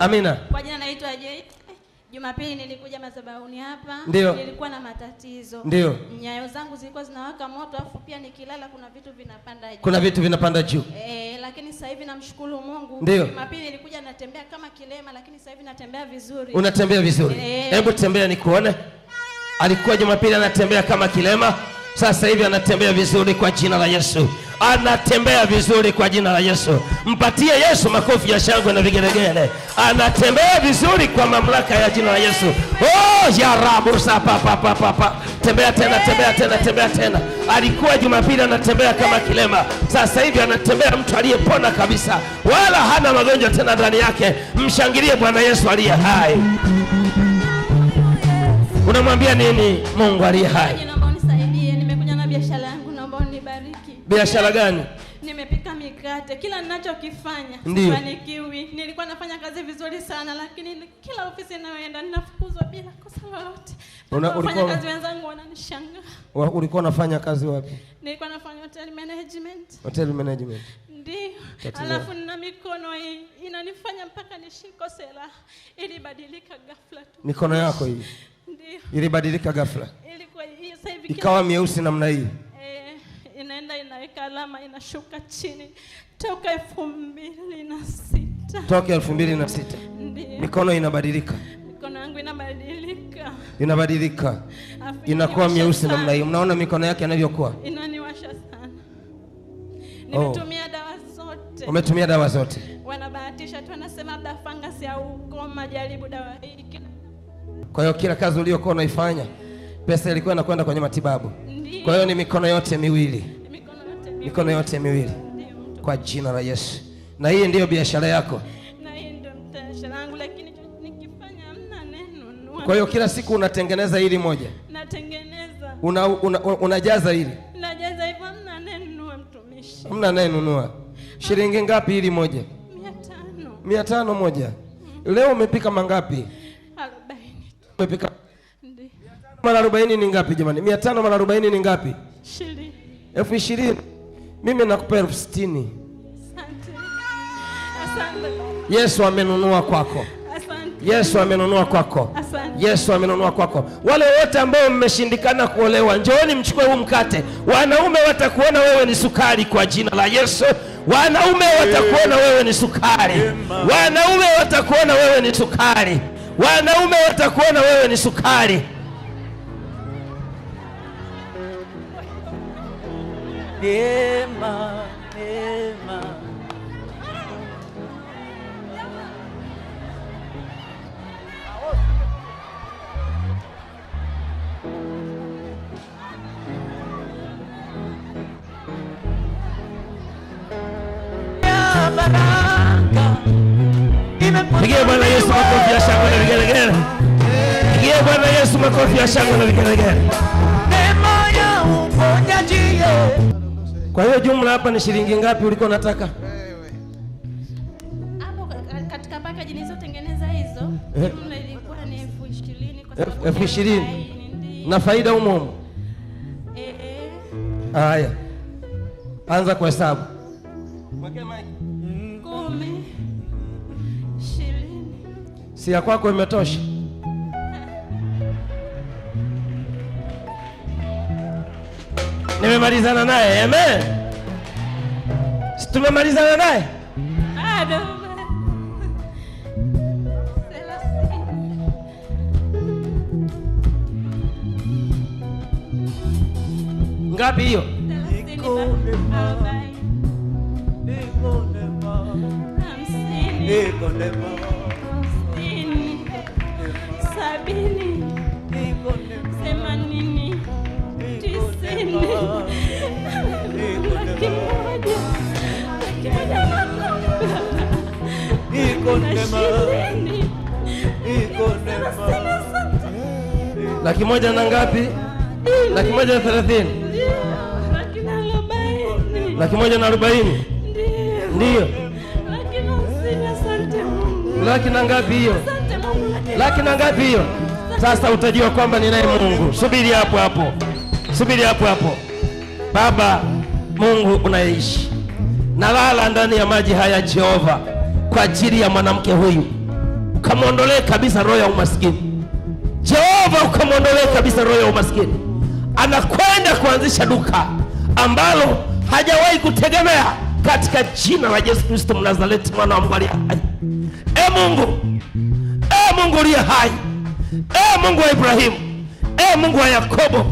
Amina. Kwa jina naitwa Jade. Jumapili nilikuja madhabahuni hapa. Ndio. Nilikuwa na matatizo. Ndio. Nyayo zangu zilikuwa zinawaka moto afu pia nikilala kuna vitu vinapanda juu. Kuna vitu vinapanda juu. Eh, lakini sasa hivi namshukuru Mungu. Ndio. Jumapili nilikuja natembea kama kilema lakini sasa hivi natembea vizuri. Unatembea vizuri. Eh. Hebu tembea nikuone. Alikuwa Jumapili anatembea kama kilema, sasa hivi anatembea vizuri kwa jina la Yesu anatembea vizuri kwa jina la Yesu. Mpatie Yesu makofi ya shangwe na vigelegele. Anatembea vizuri kwa mamlaka ya jina la Yesu. Oh, ya rabu pa pa pa. Tembea tena, tembea tena, tembea tena. Alikuwa Jumapili anatembea kama kilema, sasa hivi anatembea mtu aliyepona kabisa, wala hana magonjwa tena ndani yake. Mshangilie Bwana Yesu aliye hai. Unamwambia nini Mungu aliye hai? biashara gani? Nimepika mikate, kila ninachokifanya sifanikiwi. Nilikuwa nafanya kazi vizuri sana, lakini kila ofisi inayoenda ninafukuzwa bila kosa lolote. Una, ulikuwa kazi wenzangu wananishangaa. ulikuwa unafanya kazi wapi? Nilikuwa nafanya hotel management. Hotel management. Ndio. Alafu nina mikono hii inanifanya mpaka nishikose raha. Ilibadilika ghafla tu. Mikono yako hii. Ndio. Ilibadilika ghafla. Ilikuwa hii sasa hivi ikawa mieusi namna hii inaenda inaweka alama inashuka chini toka elfu mbili na sita toka elfu mbili na sita Ndiyo. mikono inabadilika mikono yangu inabadilika inabadilika inakuwa myeusi namna hiyo mnaona mikono yake yanavyokuwa inaniwasha sana oh. nimetumia oh. dawa zote umetumia dawa zote wanabahatisha tu wanasema labda fangasi au ukoma jaribu dawa hii kwa hiyo kila kazi uliyokuwa unaifanya pesa ilikuwa inakwenda kwenye matibabu kwa hiyo ni mikono yote miwili mikono yote miwili kwa jina la Yesu. Na hii ndiyo biashara yako. Kwa hiyo kila siku unatengeneza hili moja, natengeneza, unajaza hili, hivyo, hamna mtumishi, anayenunua. Shilingi ngapi hili moja? mia tano, moja. Leo umepika mangapi? Arobaini. Umepika mara arobaini ni ngapi jamani? mia tano mara arobaini ni ngapi? elfu ishirini. Mimi nakupa elfu sitini. Yesu amenunua kwako. Yesu amenunua kwako. Yesu amenunua kwako. Wale wote ambao mmeshindikana kuolewa, njooni mchukue huu mkate. Wanaume watakuona wewe ni sukari kwa jina la Yesu. Wanaume watakuona wewe ni sukari. Wanaume watakuona wewe ni sukari. Wanaume watakuona wewe ni sukari. ¡Ema! ¡Ema! ¡Ema! ¡Ema! ¡Ema! ¡Ema! Kwa hiyo jumla hapa ni shilingi ngapi uliko nataka? Wewe. Hapo katika package nilizotengeneza hizo eh. jumla ilikuwa ni elfu ishirini kwa sababu elfu ishirini na faida umo humo. Eh eh. Haya. Anza kwa hesabu Si ya kwako imetosha? nimemalizana naye amen. Tumemalizana naye Ngapi hiyo? sabini tisini Laki moja na ngapi? Laki moja na thelathini, laki moja na arobaini, ndiyo laki na ngapi hiyo? Laki na ngapi hiyo? Sasa utajua kwamba ni naye Mungu. Subiri hapo hapo, subiri hapo hapo. Baba Mungu unaishi, nalala ndani ya maji haya Jehova kwa ajili ya mwanamke huyu, ukamwondolee kabisa roho ya umaskini. Jehova, ukamwondolee kabisa roho ya umaskini. Anakwenda kuanzisha duka ambalo hajawahi kutegemea katika jina la Yesu Kristo Mnazareti, mwana wa Mungu aliye hai. E Mungu, e Mungu uliye hai, e Mungu wa Ibrahimu, e Mungu wa Yakobo,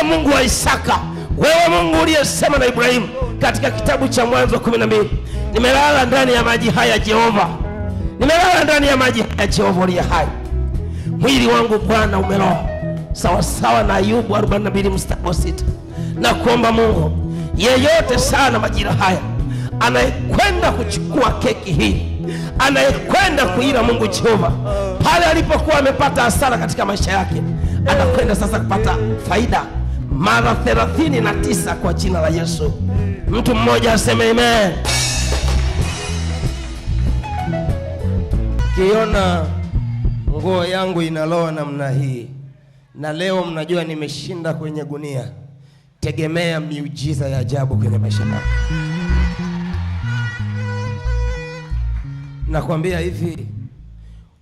e Mungu wa Isaka, wewe Mungu uliyesema na Ibrahimu katika kitabu cha Mwanzo kumi na mbili nimelala ndani ya maji haya Jehova, nimelala ndani ya maji haya Jehova uliye hai, mwili wangu Bwana umeloa sawasawa na Ayubu 42 mstari wa sita. Na kuomba Mungu yeyote sana majira haya anayekwenda kuchukua keki hii anayekwenda kuila Mungu Jehova pale alipokuwa amepata hasara katika maisha yake, anakwenda sasa kupata faida mara 39 kwa jina la Yesu. Mtu mmoja aseme amen. Kiona nguo yangu inaloa namna hii, na leo mnajua nimeshinda kwenye gunia, tegemea miujiza ya ajabu kwenye maisha yako. Nakwambia hivi,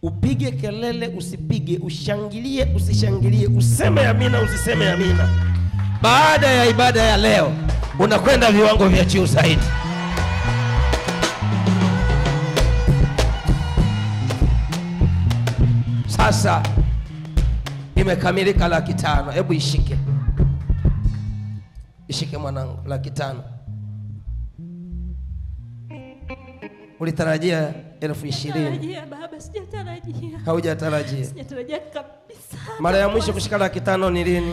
upige kelele, usipige, ushangilie, usishangilie, useme amina, usiseme amina baada ya ibada ya leo unakwenda viwango vya juu zaidi. Sasa imekamilika laki tano. Hebu ishike, ishike mwanangu, laki tano. Ulitarajia elfu ishirini? Haujatarajia? Mara ya mwisho kushika laki tano ni lini?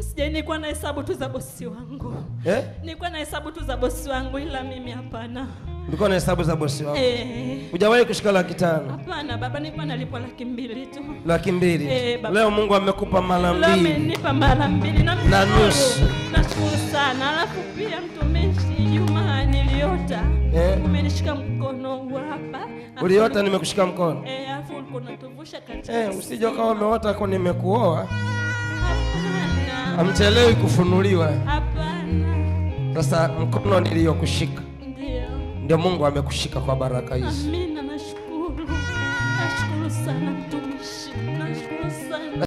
Msije nilikuwa na hesabu tu za bosi wangu. Eh? Nilikuwa na hesabu tu za bosi wangu ila mimi hapana. Nilikuwa na hesabu za bosi wangu. Eh. Hujawahi kushika laki tano? Hapana, baba nilikuwa nalipwa laki mbili tu. Laki mbili. Eh, Leo Mungu amekupa mara mbili. amenipa mara mbili na nusu. Nashukuru sana. Alafu pia mtumishi Juma niliota. Eh. Umenishika mkono hapa. Uliota nimekushika mkono? Eh, afu ulikuwa unatuvusha katika. Eh, usije ukawa umeota kwa nimekuoa. Hamchelewi kufunuliwa. Sasa mkono niliyokushika ndio Mungu amekushika kwa baraka hizi.